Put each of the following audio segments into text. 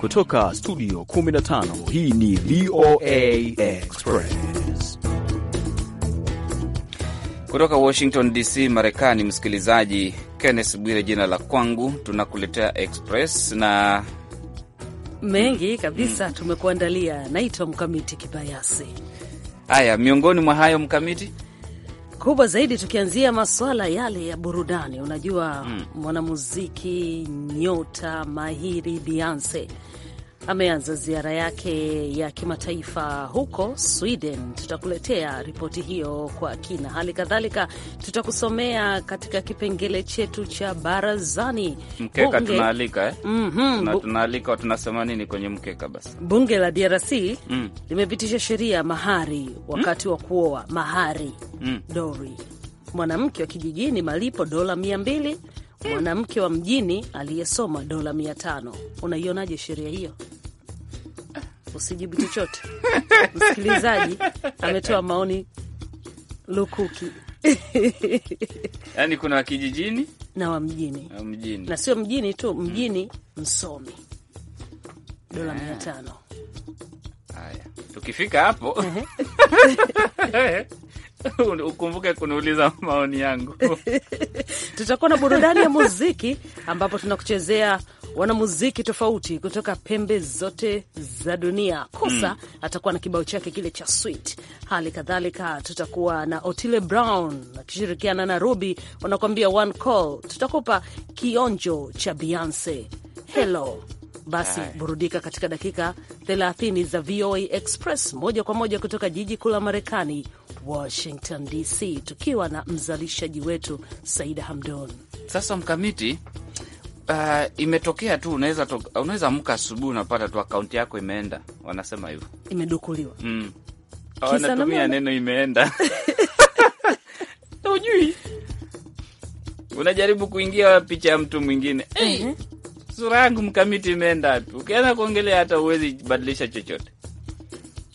Kutoka studio 15 hii ni VOA Express kutoka Washington DC, Marekani. Msikilizaji, Kenneth Bwire jina la kwangu, tunakuletea Express na mengi kabisa hmm, tumekuandalia. Naitwa Mkamiti Kibayasi. Haya, miongoni mwa hayo Mkamiti kubwa zaidi, tukianzia maswala yale ya burudani. Unajua mm. mwanamuziki nyota mahiri Beyonce ameanza ziara yake ya kimataifa huko Sweden. Tutakuletea ripoti hiyo kwa kina. Hali kadhalika tutakusomea katika kipengele chetu cha barazani. Mkeka tunaalika eh? mm -hmm. Tunaalika tunasema nini kwenye mkeka? Basi bunge la DRC mm. limepitisha sheria mahari wakati mm. wa kuoa mahari mm. dori mwanamke wa kijijini malipo dola mia mbili mm. mwanamke wa mjini aliyesoma dola mia tano. Unaionaje sheria hiyo? usijibu chochote. Msikilizaji ametoa maoni lukuki yani kuna kijijini na wa mjini na, mjini. na sio mjini tu mjini hmm. Msomi dola mia tano. Haya, tukifika hapo ukumbuke kuniuliza maoni yangu tutakuwa na burudani ya muziki ambapo tunakuchezea wanamuziki tofauti kutoka pembe zote za dunia. Kosa mm. atakuwa na kibao chake kile cha Sweet. Hali kadhalika tutakuwa na Otile Brown akishirikiana na Ruby wanakuambia One Call. Tutakupa kionjo cha Beyonce Hello. Basi Aye. burudika katika dakika 30 za VOA Express moja kwa moja kutoka jiji kuu la Marekani, Washington DC, tukiwa na mzalishaji wetu Saida Hamdon. Sasa mkamiti uh, imetokea tu, unaweza unaweza amka asubuhi unapata tu akaunti yako imeenda, wanasema hivyo imedukuliwa. Mm. wanatumia neno imeenda ujui unajaribu kuingia picha ya mtu mwingine mhm. hey, mm -hmm. sura yangu mkamiti imeenda tu, ukianza kuongelea hata uwezi badilisha chochote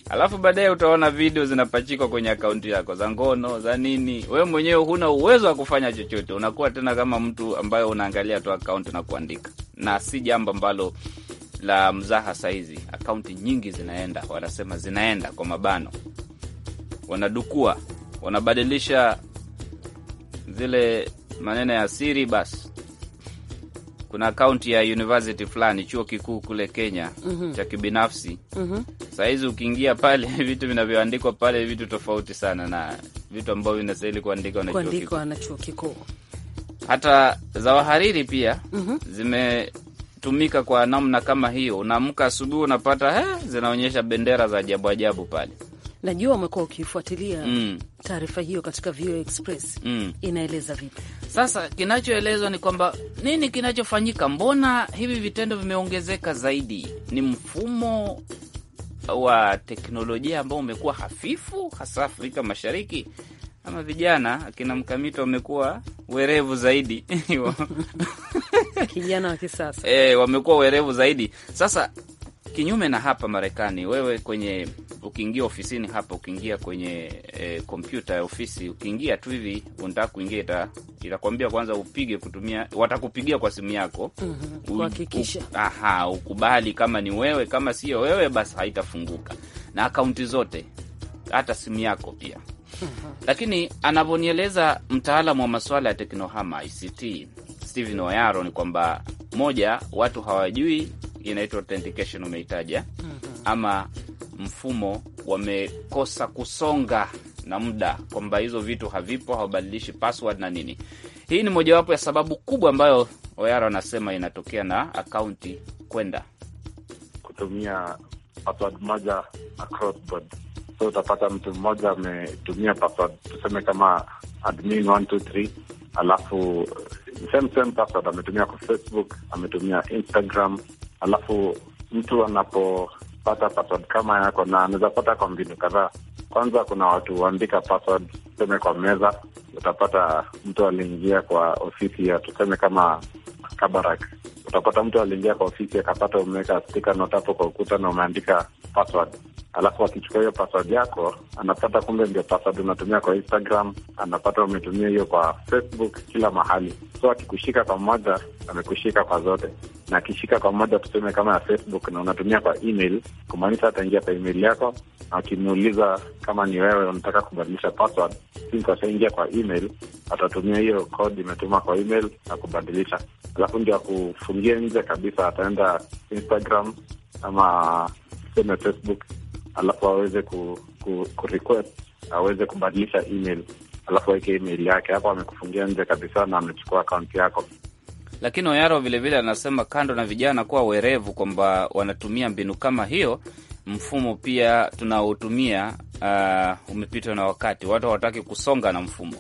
alafu baadaye utaona video zinapachikwa kwenye akaunti yako za ngono za nini. we mwenyewe huna uwezo wa kufanya chochote, unakuwa tena kama mtu ambaye unaangalia tu akaunti na kuandika, na si jambo ambalo la mzaha. Sahizi akaunti nyingi zinaenda, wanasema zinaenda kwa mabano, wanadukua, wanabadilisha zile maneno ya siri basi kuna akaunti ya university fulani chuo kikuu kule Kenya mm -hmm. cha kibinafsi mm -hmm. Sahizi ukiingia pale vitu vinavyoandikwa pale vitu tofauti sana na vitu ambavyo vinastahili kuandikwa na chuo kikuu. Hata za wahariri pia mm -hmm. zimetumika kwa namna kama hiyo. Unaamka asubuhi unapata he, eh, zinaonyesha bendera za ajabu ajabu pale Najua umekuwa ukifuatilia mm. taarifa hiyo katika VOA Express mm. inaeleza vipi sasa? Kinachoelezwa ni kwamba nini kinachofanyika, mbona hivi vitendo vimeongezeka zaidi? Ni mfumo wa teknolojia ambao umekuwa hafifu, hasa Afrika Mashariki ama vijana akina Mkamito wamekuwa werevu zaidi kijana wa kisasa e, wamekuwa werevu zaidi sasa Kinyume na hapa Marekani, wewe kwenye ukiingia ofisini hapa, ukiingia kwenye e, kompyuta ya ofisi, ukiingia tu hivi unataka kuingia, ita itakwambia kwanza upige kutumia, watakupigia kwa simu yako mm -hmm, aha, ukubali kama ni wewe, kama sio wewe basi haitafunguka, na akaunti zote, hata simu yako pia mm -hmm. Lakini anavyonieleza mtaalamu wa masuala ya teknohama ICT Steven Oyaro ni kwamba moja, watu hawajui inaitwa authentication umeitaja, mhm. ama mfumo wamekosa kusonga na muda, kwamba hizo vitu havipo, hawabadilishi password na nini. Hii ni mojawapo ya sababu kubwa ambayo Oyara wanasema inatokea na akaunti kwenda kutumia password moja across board. So utapata mtu mmoja ametumia password tuseme kama admin 123 alafu same same password ametumia kwa Facebook, ametumia Instagram alafu mtu anapopata password kama yako, na anaweza pata kwa mbinu kadhaa. Kwanza kuna watu huandika password, tuseme kwa meza, utapata mtu aliingia kwa ofisi ya tuseme kama Kabarak, utapata mtu aliingia kwa ofisi akapata umeweka stika note hapo kwa ukuta na umeandika password alafu akichukua hiyo password yako anapata kumbe ndio password unatumia kwa Instagram, anapata umetumia hiyo kwa Facebook, kila mahali. So akikushika kwa amekushika kwa zote na akishika kwa moja, tuseme kama ya Facebook na unatumia kwa email, kumaanisha ataingia kwa email yako, akimuuliza kama ni wewe unataka kubadilisha password, since ashaingia kwa email, atatumia hiyo code imetuma kwa email na kubadilisha. Alafu ndio akufungia nje kabisa, ataenda Instagram ama tuseme Facebook, alafu aweze ku, ku, ku request aweze kubadilisha email, alafu aweke email yake hapo, amekufungia nje kabisa na amechukua akaunti yako. Lakini Oyaro vilevile anasema kando na vijana kuwa werevu kwamba wanatumia mbinu kama hiyo, mfumo pia tunaotumia uh, umepitwa na wakati. Watu hawataki kusonga na mfumo.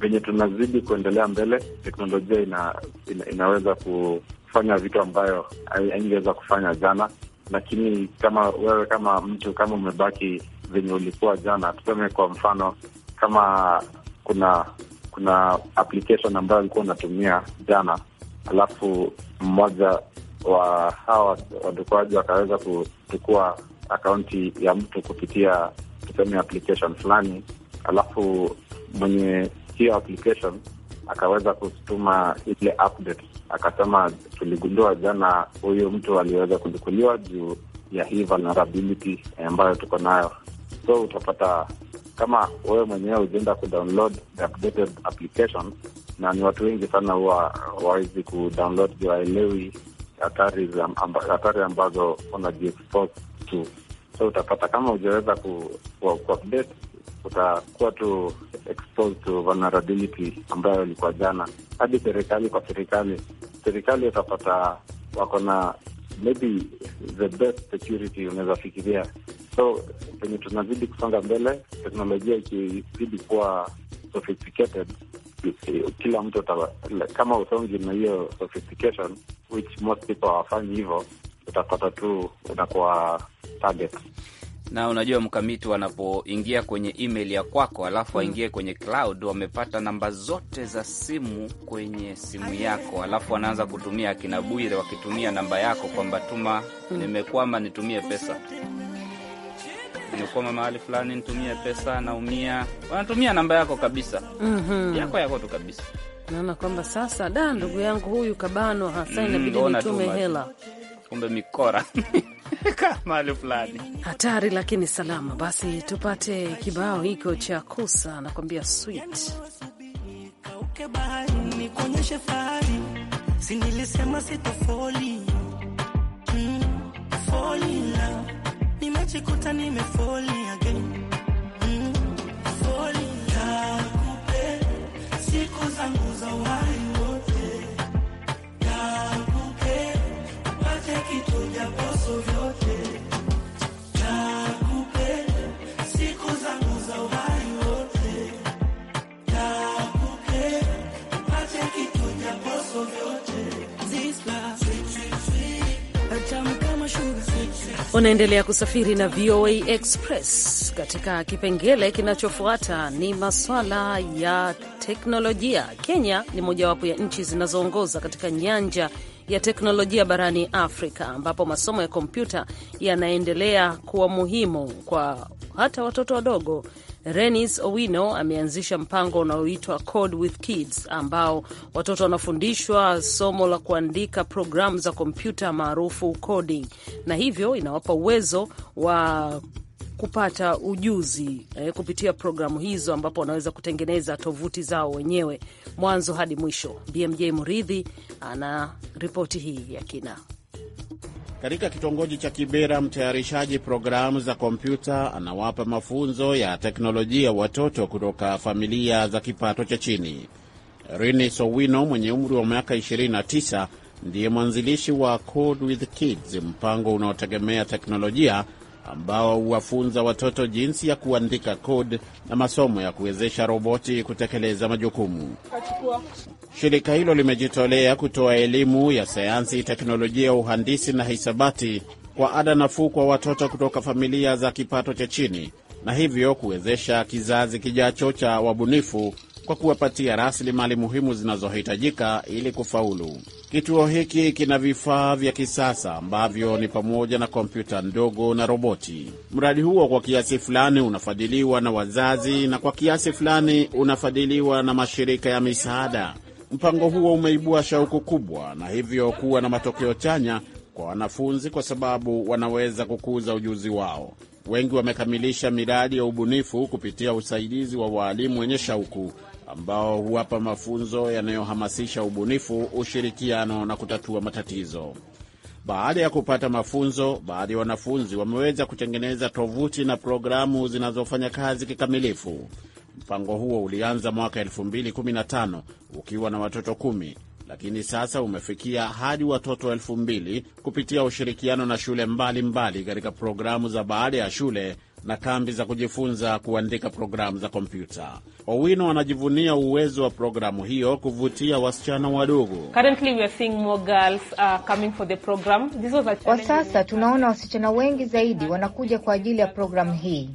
Venye tunazidi kuendelea mbele, teknolojia ina, ina, inaweza kufanya vitu ambayo haingeweza kufanya jana, lakini kama wewe kama mtu kama umebaki venye ulikuwa jana, tuseme kwa mfano kama kuna kuna application ambayo alikuwa unatumia jana alafu mmoja wa hawa wadukuaji wakaweza kuchukua akaunti ya mtu kupitia tuseme application fulani, alafu mwenye hiyo application akaweza kutuma ile update, akasema tuligundua jana huyu mtu aliweza kudukuliwa juu ya hii vulnerability ambayo tuko nayo. So utapata kama wewe mwenyewe ujienda kudownload the updated application na ni watu wengi sana huwa wawezi kudownload, waelewi hatari ambazo wanajiexpose tu. So utapata kama ujaweza ku, ku, ku update utakuwa tu exposed to vulnerability ambayo ilikuwa jana. Hadi serikali kwa serikali, serikali utapata wako na maybe the best security unaweza fikiria. So penye tunazidi kusonga mbele, teknolojia ikizidi kuwa sophisticated Eh, kila mtu kama usongi na hiyo sophistication which most people hawafanyi hivyo, utapata tu unakuwa target na unajua mkamiti wanapoingia kwenye email ya kwako alafu hmm. waingie kwenye cloud, wamepata namba zote za simu kwenye simu yako, alafu wanaanza kutumia akina Bwire wakitumia namba yako kwamba tuma, hmm. nimekwama nitumie pesa nimekwama mahali fulani, nitumie pesa, naumia, wanatumia namba yako kabisa. mm -hmm. yako yako tu kabisa. Naona kwamba sasa, da, ndugu yangu huyu kabanwa hasa, mm, inabidi mm, nitume hela kumbe mikora mahali fulani hatari, lakini salama. Basi tupate kibao hiko cha Kusa, nakwambia sweet kuonyeshe sitofoli, mm, foli nimejikuta nimefoli again, mm, siku zangu za uhai wote yakupe upate kitu japo Unaendelea kusafiri na VOA Express. Katika kipengele kinachofuata ni maswala ya teknolojia. Kenya ni mojawapo ya nchi zinazoongoza katika nyanja ya teknolojia barani Afrika, ambapo masomo ya kompyuta yanaendelea kuwa muhimu kwa hata watoto wadogo Renis Owino ameanzisha mpango unaoitwa Code with Kids ambao watoto wanafundishwa somo la kuandika programu za kompyuta maarufu coding, na hivyo inawapa uwezo wa kupata ujuzi eh, kupitia programu hizo ambapo wanaweza kutengeneza tovuti zao wenyewe mwanzo hadi mwisho. BMJ Muridhi ana ripoti hii ya kina. Katika kitongoji cha Kibera, mtayarishaji programu za kompyuta anawapa mafunzo ya teknolojia watoto kutoka familia za kipato cha chini. Rini Sowino mwenye umri wa miaka 29 ndiye mwanzilishi wa Code with Kids, mpango unaotegemea teknolojia ambao huwafunza watoto jinsi ya kuandika kod na masomo ya kuwezesha roboti kutekeleza majukumu. Shirika hilo limejitolea kutoa elimu ya sayansi, teknolojia, uhandisi na hisabati kwa ada nafuu kwa watoto kutoka familia za kipato cha chini na hivyo kuwezesha kizazi kijacho cha wabunifu kwa kuwapatia rasilimali muhimu zinazohitajika ili kufaulu. Kituo hiki kina vifaa vya kisasa ambavyo ni pamoja na kompyuta ndogo na roboti. Mradi huo kwa kiasi fulani unafadhiliwa na wazazi na kwa kiasi fulani unafadhiliwa na mashirika ya misaada. Mpango huo umeibua shauku kubwa na hivyo kuwa na matokeo chanya kwa wanafunzi, kwa sababu wanaweza kukuza ujuzi wao. Wengi wamekamilisha miradi ya ubunifu kupitia usaidizi wa waalimu wenye shauku ambao huwapa mafunzo yanayohamasisha ubunifu, ushirikiano na kutatua matatizo. Baada ya kupata mafunzo, baadhi ya wanafunzi wameweza kutengeneza tovuti na programu zinazofanya kazi kikamilifu. Mpango huo ulianza mwaka 2015 ukiwa na watoto kumi, lakini sasa umefikia hadi watoto elfu mbili kupitia ushirikiano na shule mbalimbali katika programu za baada ya shule na kambi za kujifunza kuandika programu za kompyuta. Owino anajivunia uwezo wa programu hiyo kuvutia wasichana wadogo. Uh, kwa sasa tunaona wasichana wengi zaidi wanakuja kwa ajili ya programu hii.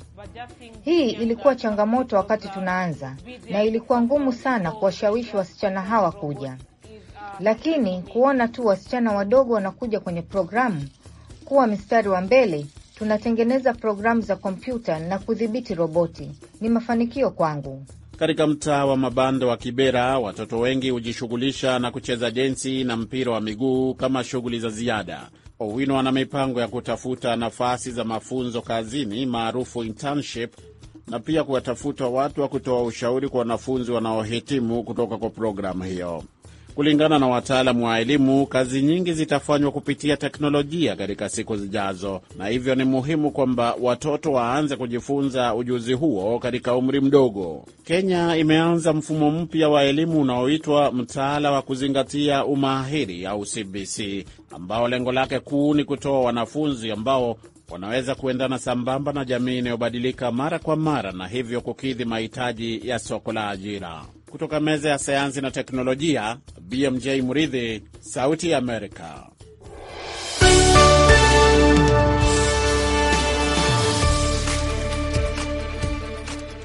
Hii ilikuwa changamoto wakati tunaanza, na ilikuwa ngumu sana kuwashawishi wasichana hawa kuja, lakini kuona tu wasichana wadogo wanakuja kwenye programu kuwa mstari wa mbele tunatengeneza programu za kompyuta na kudhibiti roboti. Ni mafanikio kwangu. Katika mtaa wa mabanda wa Kibera, watoto wengi hujishughulisha na kucheza jensi na mpira wa miguu kama shughuli za ziada. Owino ana mipango ya kutafuta nafasi za mafunzo kazini maarufu internship, na pia kuwatafuta watu wa kutoa ushauri kwa wanafunzi wanaohitimu kutoka kwa programu hiyo. Kulingana na wataalamu wa elimu, kazi nyingi zitafanywa kupitia teknolojia katika siku zijazo, na hivyo ni muhimu kwamba watoto waanze kujifunza ujuzi huo katika umri mdogo. Kenya imeanza mfumo mpya wa elimu unaoitwa mtaala wa kuzingatia umahiri au CBC, ambao lengo lake kuu ni kutoa wanafunzi ambao wanaweza kuendana sambamba na jamii inayobadilika mara kwa mara na hivyo kukidhi mahitaji ya soko la ajira kutoka meza ya sayansi na teknolojia, BMJ Muridhi, Sauti ya Amerika.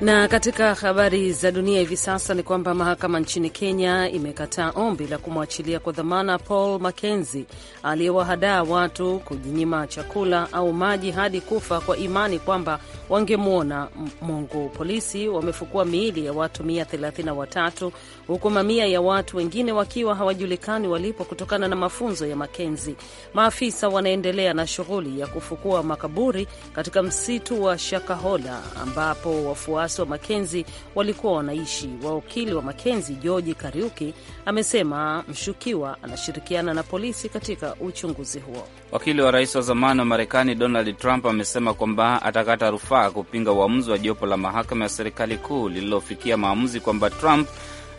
Na katika habari za dunia hivi sasa ni kwamba mahakama nchini Kenya imekataa ombi la kumwachilia kwa dhamana Paul makenzi aliyewahadaa watu kujinyima chakula au maji hadi kufa kwa imani kwamba wangemwona Mungu. Polisi wamefukua miili ya watu 133 huku mamia ya watu wengine wakiwa hawajulikani walipo kutokana na mafunzo ya makenzi Maafisa wanaendelea na shughuli ya kufukua makaburi katika msitu wa Shakahola ambapo wafuasi wafuasi wa Makenzi walikuwa wanaishi. Wakili wa Makenzi George Kariuki amesema mshukiwa anashirikiana na polisi katika uchunguzi huo. Wakili wa rais wa zamani wa Marekani Donald Trump amesema kwamba atakata rufaa kupinga uamuzi wa jopo la mahakama ya serikali kuu lililofikia maamuzi kwamba Trump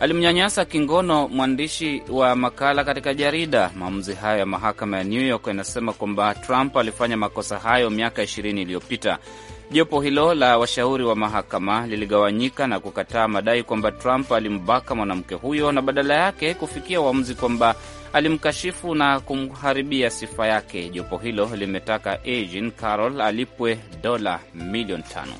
alimnyanyasa kingono mwandishi wa makala katika jarida. Maamuzi hayo ya mahakama ya New York yanasema kwamba Trump alifanya makosa hayo miaka 20 iliyopita. Jopo hilo la washauri wa mahakama liligawanyika na kukataa madai kwamba Trump alimbaka mwanamke huyo na badala yake kufikia uamuzi kwamba alimkashifu na kumharibia sifa yake. Jopo hilo limetaka Eugene Carroll alipwe dola milioni tano.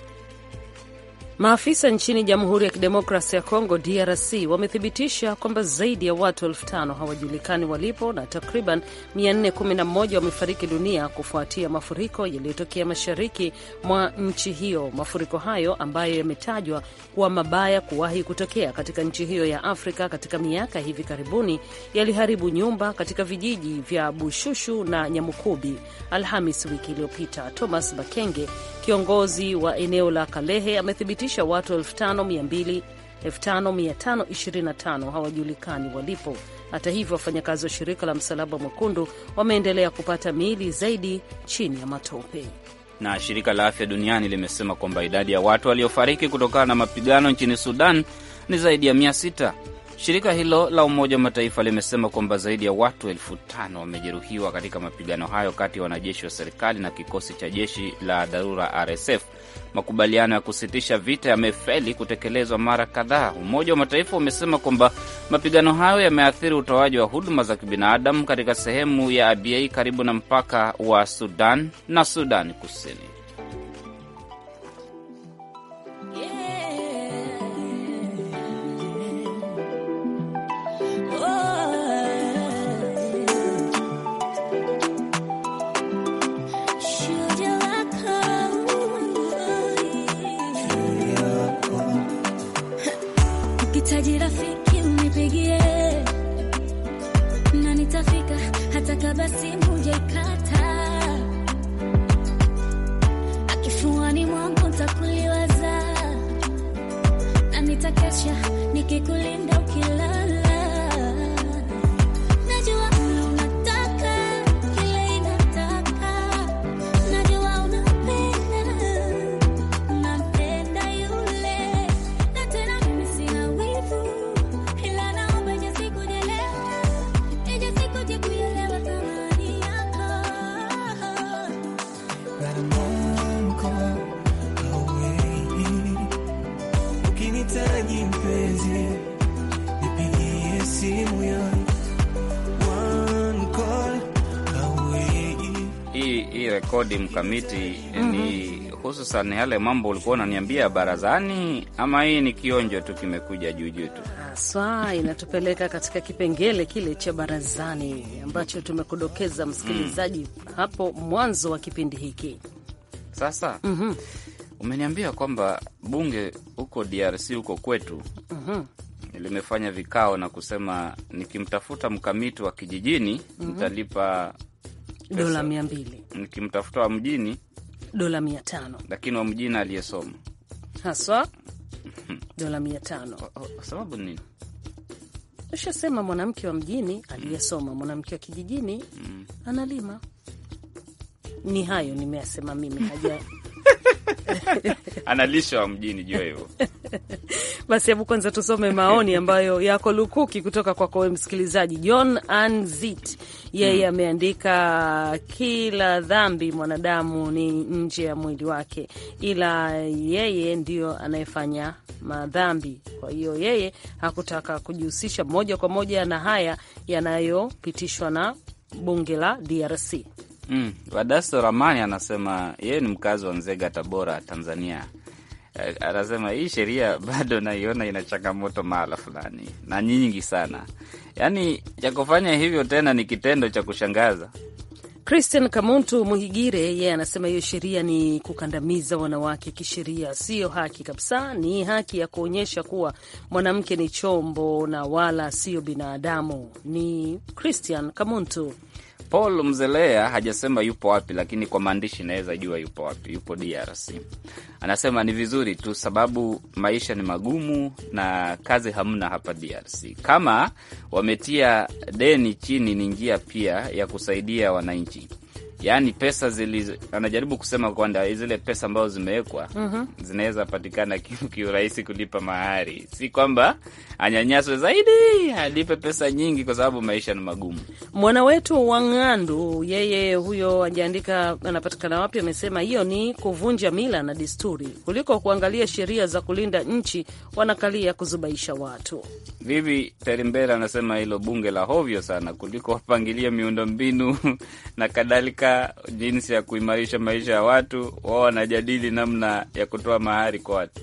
Maafisa nchini Jamhuri ya Kidemokrasia ya Kongo, DRC, wamethibitisha kwamba zaidi ya watu elfu tano hawajulikani walipo na takriban 411 wamefariki dunia kufuatia mafuriko yaliyotokea mashariki mwa nchi hiyo, mafuriko hayo ambayo yametajwa kuwa mabaya kuwahi kutokea katika nchi hiyo ya Afrika katika miaka hivi karibuni, yaliharibu nyumba katika vijiji vya Bushushu na Nyamukubi Alhamis wiki iliyopita. Thomas Bakenge, kiongozi wa eneo la Kalehe, amethibitisha kusababisha watu 5525 hawajulikani walipo. Hata hivyo, wafanyakazi wa shirika la Msalaba Mwekundu wameendelea kupata miili zaidi chini ya matope. Na shirika la afya duniani limesema kwamba idadi ya watu waliofariki kutokana na mapigano nchini Sudan ni zaidi ya mia sita. Shirika hilo la Umoja wa Mataifa limesema kwamba zaidi ya watu elfu tano wamejeruhiwa katika mapigano hayo kati ya wanajeshi wa serikali na kikosi cha jeshi la dharura RSF makubaliano ya kusitisha vita yamefeli kutekelezwa mara kadhaa. Umoja wa Mataifa umesema kwamba mapigano hayo yameathiri utoaji wa huduma za kibinadamu katika sehemu ya Abyei karibu na mpaka wa Sudan na Sudan Kusini. Baba simu jaikata akifuani mwangu ntakuliwaza na nitakesha nikikulinda ukilala Idi Mkamiti, mm -hmm. ni hususan yale mambo ulikuwa unaniambia barazani, ama hii ni kionjo tu kimekuja juujuu tu haswa? Inatupeleka katika kipengele kile cha barazani ambacho tumekudokeza msikilizaji, mm. hapo mwanzo wa kipindi hiki sasa. mm -hmm. umeniambia kwamba bunge huko DRC huko kwetu mm -hmm limefanya vikao na kusema nikimtafuta mkamiti wa kijijini mhm. nitalipa mm -hmm dola mia mbili nikimtafuta wa mjini dola mia tano lakini wa mjini aliyesoma haswa mhm. dola mia tano sababu nini? Ushasema mwanamke wa mjini aliyesoma, mhm. mwanamke wa kijijini mhm. analima. Ni hayo nimeyasema mimi, haja analishwa mjini, jua hivyo. Basi hebu kwanza tusome maoni ambayo yako lukuki kutoka kwako we msikilizaji. John Anzit yeye hmm. ameandika, kila dhambi mwanadamu ni nje ya mwili wake, ila yeye ndiyo anayefanya madhambi. Kwa hiyo yeye hakutaka kujihusisha moja kwa moja na haya yanayopitishwa na bunge la DRC. Mm. Ramani anasema yeye ni mkazi wa Nzega, Tabora, Tanzania. Eh, anasema hii sheria bado naiona ina changamoto mahala fulani na nyingi sana, yaani cha kufanya hivyo tena ni kitendo cha kushangaza. Christian Kamuntu Muhigire yeye yeah, anasema hiyo sheria ni kukandamiza wanawake kisheria, siyo haki kabisa. Ni haki ya kuonyesha kuwa mwanamke ni chombo na wala siyo binadamu. Ni Christian Kamuntu. Paul Mzelea hajasema yupo wapi, lakini kwa maandishi inaweza jua yupo wapi. Yupo DRC, anasema ni vizuri tu, sababu maisha ni magumu na kazi hamna hapa DRC. Kama wametia deni chini, ni njia pia ya kusaidia wananchi yaani pesa zili, anajaribu kusema kwamba zile pesa ambazo zimewekwa mm -hmm. zinaweza patikana kiurahisi kulipa mahari, si kwamba anyanyaswe zaidi, alipe pesa nyingi, kwa sababu maisha ni magumu. Mwana wetu Wang'andu, yeye huyo ajaandika anapatikana wapi, amesema hiyo ni kuvunja mila na desturi kuliko kuangalia sheria za kulinda nchi, wanakalia kuzubaisha watu. Vivi Terimbera anasema hilo bunge la hovyo sana kuliko wapangilia miundombinu na kadhalika jinsi ya kuimarisha maisha ya watu, wao wanajadili namna ya kutoa mahari kwa watu.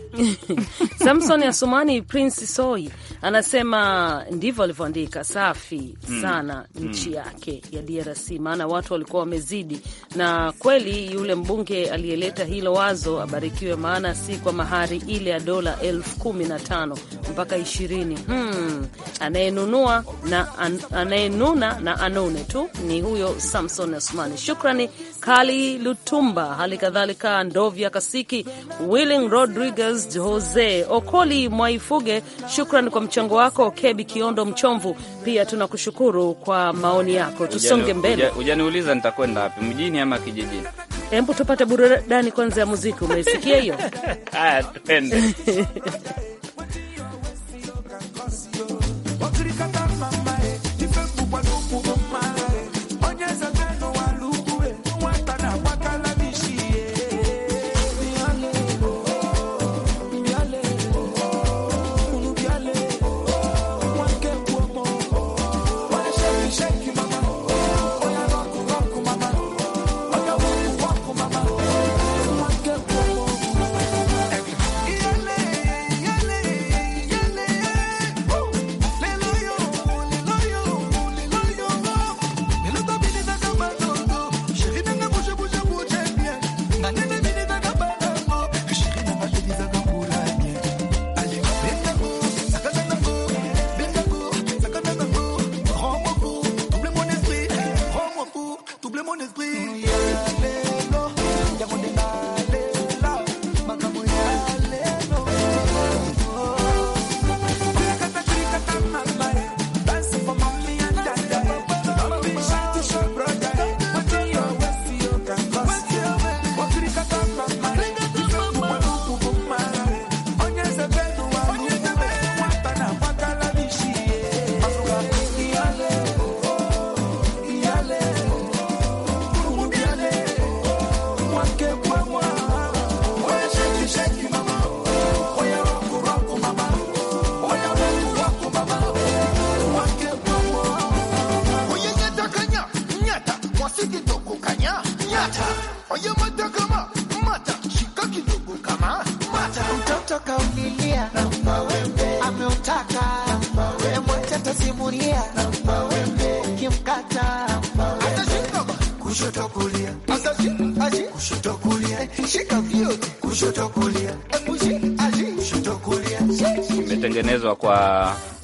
Samson Asumani Prince Soi anasema ndivyo alivyoandika, safi hmm. sana mm. nchi yake ya DRC, maana watu walikuwa wamezidi, na kweli yule mbunge aliyeleta hilo wazo abarikiwe, maana si kwa mahari ile ya dola elfu kumi na tano mpaka ishirini hmm. anayenunua na an, anayenuna na anune tu ni huyo Samson Asumani. Shukran shukrani Kali Lutumba, hali kadhalika Ndovya Kasiki, Willing Rodriguez, Jose Okoli Mwaifuge, shukran kwa mchango wako. Kebi Kiondo Mchomvu, pia tunakushukuru kwa maoni yako. Tusonge mbele. Hujaniuliza nitakwenda wapi, mjini ama kijijini? Hebu tupate burudani kwanza ya muziki. Umeisikia hiyo? Haya, twende.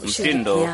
mtindo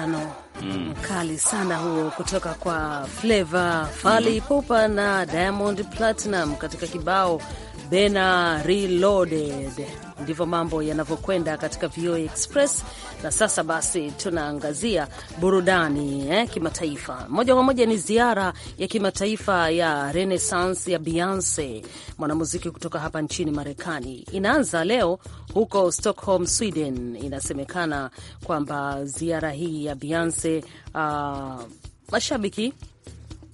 mm. mkali sana huo kutoka kwa Fleva Fally Ipupa mm. na Diamond Platinum katika kibao Bena Reloaded. Ndivyo mambo yanavyokwenda katika VOA Express na sasa basi tunaangazia burudani eh, kimataifa. Moja kwa moja ni ziara ya kimataifa ya Renaissance ya Beyonce, mwanamuziki kutoka hapa nchini Marekani. Inaanza leo huko Stockholm, Sweden. Inasemekana kwamba ziara hii ya Beyonce, uh, ah, mashabiki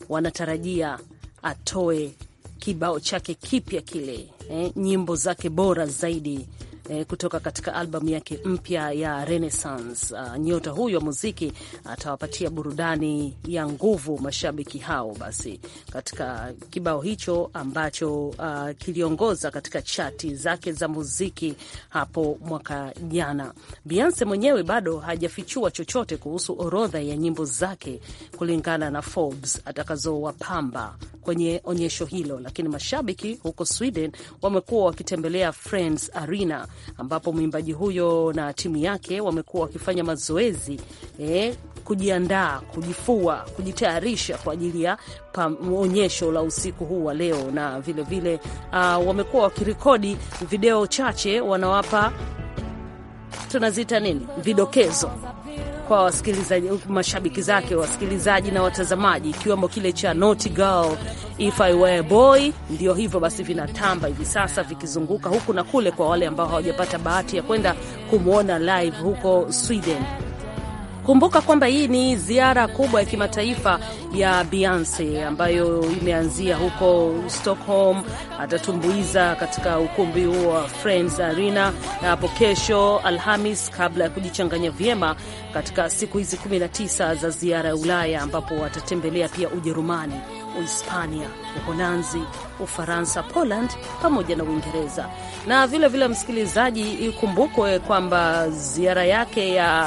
wanatarajia atoe kibao chake kipya kile, eh, nyimbo zake bora zaidi eh, kutoka katika albamu yake mpya ya Renaissance. Uh, nyota huyu wa muziki atawapatia burudani ya nguvu mashabiki hao, basi katika kibao hicho ambacho uh, kiliongoza katika chati zake za muziki hapo mwaka jana. Beyonce mwenyewe bado hajafichua chochote kuhusu orodha ya nyimbo zake kulingana na Forbes atakazowapamba kwenye onyesho hilo, lakini mashabiki huko Sweden wamekuwa wakitembelea Friends Arena ambapo mwimbaji huyo na timu yake wamekuwa wakifanya mazoezi eh, kujiandaa, kujifua, kujitayarisha kwa ajili ya onyesho la usiku huu wa leo, na vilevile uh, ah, wamekuwa wakirekodi video chache wanawapa tunazita nini, vidokezo kwa wasikilizaji, mashabiki zake, wasikilizaji na watazamaji, ikiwemo kile cha Naughty Girl If I Were Boy. Ndio hivyo basi, vinatamba hivi sasa vikizunguka huku na kule, kwa wale ambao hawajapata bahati ya kwenda kumwona live huko Sweden. Kumbuka kwamba hii ni ziara kubwa ya kimataifa ya Beyonce ambayo imeanzia huko Stockholm. Atatumbuiza katika ukumbi huo wa Friends Arena hapo kesho Alhamis, kabla ya kujichanganya vyema katika siku hizi 19 za ziara ya Ulaya, ambapo watatembelea pia Ujerumani. Uhispania, Uholanzi, Ufaransa, Poland pamoja na Uingereza. Na vilevile vile, msikilizaji, ikumbukwe kwamba ziara yake ya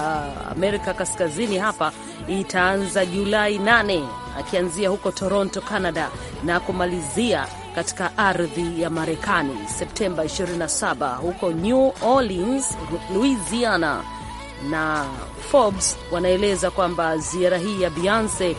Amerika Kaskazini hapa itaanza Julai 8 akianzia huko Toronto, Canada na kumalizia katika ardhi ya Marekani Septemba 27 huko New Orleans, Louisiana. Na Forbes wanaeleza kwamba ziara hii ya Beyonce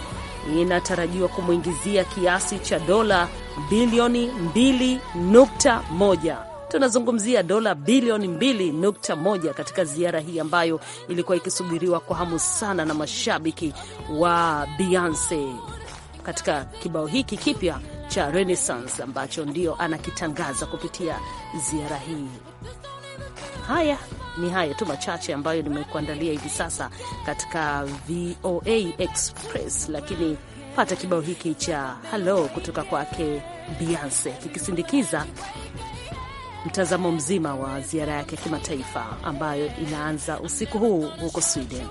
inatarajiwa kumwingizia kiasi cha dola bilioni 2.1. Tunazungumzia dola bilioni 2.1 katika ziara hii ambayo ilikuwa ikisubiriwa kwa hamu sana na mashabiki wa Beyonce katika kibao hiki kipya cha Renaissance ambacho ndio anakitangaza kupitia ziara hii. Haya ni hayo tu machache ambayo nimekuandalia hivi sasa katika VOA Express, lakini pata kibao hiki cha halo kutoka kwake Beyonce kikisindikiza mtazamo mzima wa ziara yake ya kimataifa ambayo inaanza usiku huu huko Sweden.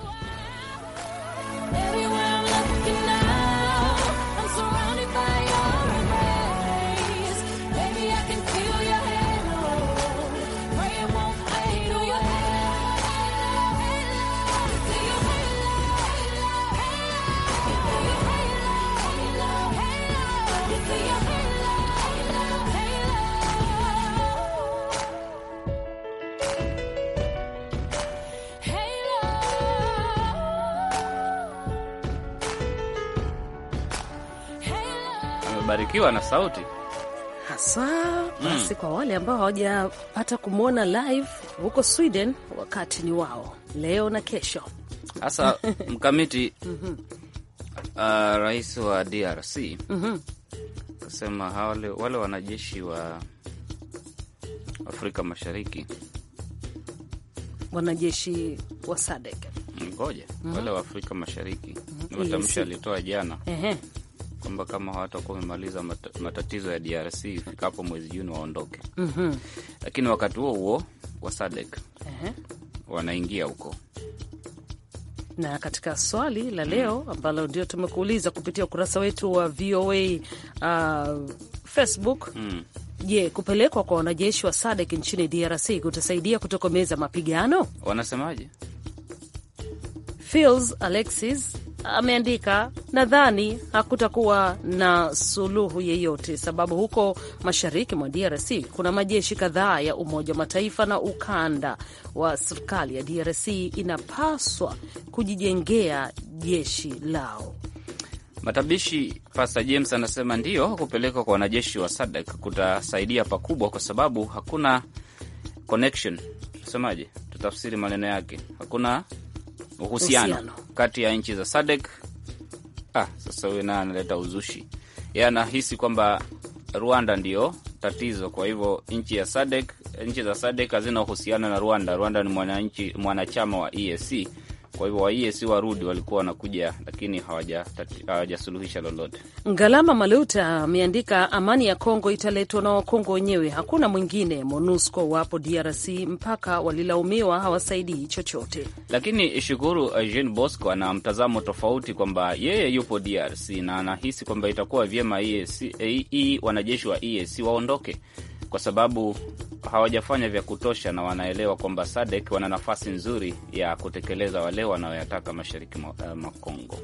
wamebarikiwa na sauti haswa hmm. basi, mm. Kwa wale ambao hawajapata kumwona live huko Sweden, wakati ni wao leo na kesho hasa mkamiti mm -hmm. uh, rais wa DRC mm -hmm. kasema wale, wale wanajeshi wa Afrika Mashariki wanajeshi wa Sadek ngoja mm -hmm. wale wa Afrika Mashariki mm -hmm. matamshi alitoa jana kwamba kama hawatakuwa wamemaliza matatizo ya DRC ifikapo mwezi Juni waondoke. mm -hmm. Lakini wakati huo huo wa SADC uh -huh. wanaingia huko na katika swali la leo mm. ambalo ndio tumekuuliza kupitia ukurasa wetu wa VOA uh, Facebook. mm. Je, kupelekwa kwa wanajeshi wa SADC nchini DRC kutasaidia kutokomeza mapigano? Wanasemaje? Fils Alexis ameandika nadhani hakutakuwa na suluhu yeyote, sababu huko mashariki mwa DRC kuna majeshi kadhaa ya Umoja wa Mataifa na ukanda wa serikali ya DRC inapaswa kujijengea jeshi lao. Matabishi Pastor James anasema ndiyo, kupelekwa kwa wanajeshi wa SADC kutasaidia pakubwa, kwa sababu hakuna connection, Semaje, tutafsiri maneno yake, hakuna uhusiano kati ya nchi za Sadek. Ah, sasa huyu naye analeta uzushi, yeye anahisi kwamba Rwanda ndiyo tatizo, kwa hivyo nchi ya Sadek, nchi za Sadek hazina uhusiano na Rwanda. Rwanda ni mwananchi mwanachama wa EAC kwa hivyo waiye si warudi, walikuwa wanakuja, lakini hawajasuluhisha lolote. Ngalama Maluta ameandika amani ya Kongo italetwa na Wakongo wenyewe, hakuna mwingine. MONUSCO wapo DRC mpaka walilaumiwa, hawasaidii chochote. Lakini shukuru Jean Bosco ana mtazamo tofauti kwamba yeye yupo DRC na anahisi kwamba itakuwa vyema EAC, e, wanajeshi wa EAC waondoke kwa sababu hawajafanya vya kutosha, na wanaelewa kwamba SADC wana nafasi nzuri ya kutekeleza wale wanaoyataka mashariki mwa eh, Kongo.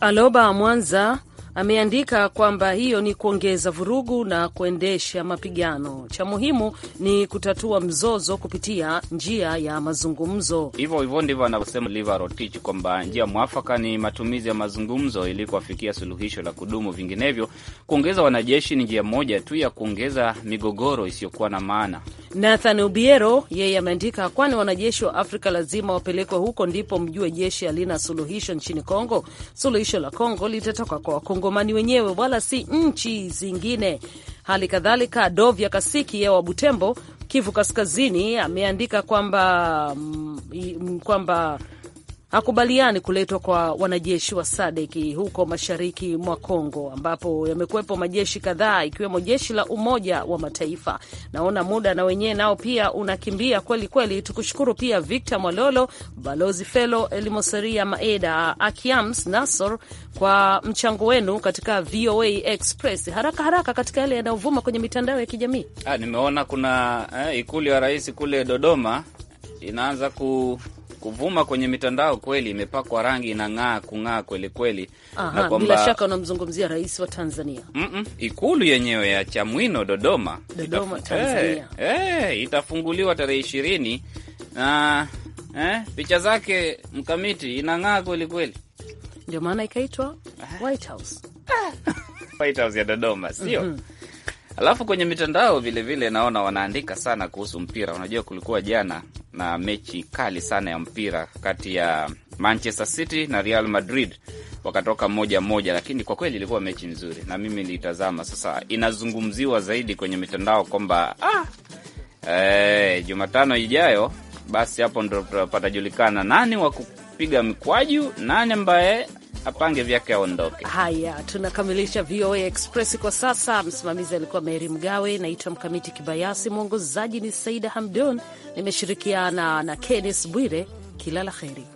Aloba Mwanza ameandika kwamba hiyo ni kuongeza vurugu na kuendesha mapigano. Cha muhimu ni kutatua mzozo kupitia njia ya mazungumzo. Hivyo hivyo ndivyo anavyosema Liva Rotich kwamba njia mwafaka ni matumizi ya mazungumzo ili kuafikia suluhisho la kudumu. Vinginevyo, kuongeza wanajeshi ni njia moja tu ya kuongeza migogoro isiyokuwa na maana. Nathan Ubiero yeye ameandika, kwani wanajeshi wa Afrika lazima wapelekwe huko, ndipo mjue jeshi halina suluhisho nchini Kongo. Suluhisho la Kongo litatoka kwa Wakongo wakongomani wenyewe wala si nchi zingine. Hali kadhalika Dovya Kasiki wa Butembo, Kivu Kaskazini, ameandika kwamba mm, kwamba hakubaliani kuletwa kwa wanajeshi wa SADC huko mashariki mwa congo ambapo yamekuwepo majeshi kadhaa ikiwemo jeshi la Umoja wa Mataifa. Naona muda na wenyewe nao pia unakimbia kweli kweli. Tukushukuru pia Victor Mwalolo, Balozi Felo Elimoseria Maeda, Akiams Nasor kwa mchango wenu katika VOA Express. Haraka haraka katika yale yanayovuma kwenye mitandao ya kijamii, ah, nimeona kuna eh, ikulu ya rais kule Dodoma inaanza ku kuvuma kwenye mitandao kweli, imepakwa rangi, inang'aa kung'aa kweli kweli. Aha, na kwamba bila shaka unamzungumzia rais wa Tanzania mm -mm, ikulu yenyewe ya Chamwino Dodoma, Dodoma Tanzania. Hey, eh, eh, hey, itafunguliwa tarehe ishirini na eh, picha zake mkamiti inang'aa kweli kweli, ndio maana ikaitwa White House. White House ya Dodoma sio? mm -hmm. Alafu kwenye mitandao vilevile vile naona wanaandika sana kuhusu mpira. Unajua, kulikuwa jana na mechi kali sana ya mpira kati ya Manchester City na Real Madrid, wakatoka moja moja, lakini kwa kweli ilikuwa mechi nzuri na mimi nilitazama. Sasa inazungumziwa zaidi kwenye mitandao kwamba ah, eh, Jumatano ijayo basi hapo ndo patajulikana nani wa kupiga mkwaju, nani ambaye apange vyake aondoke. Haya, tunakamilisha VOA Express kwa sasa. Msimamizi alikuwa Meri Mgawe, naitwa Mkamiti Kibayasi, mwongozaji ni Saida Hamdun, nimeshirikiana na kennis Bwire. Kila la heri.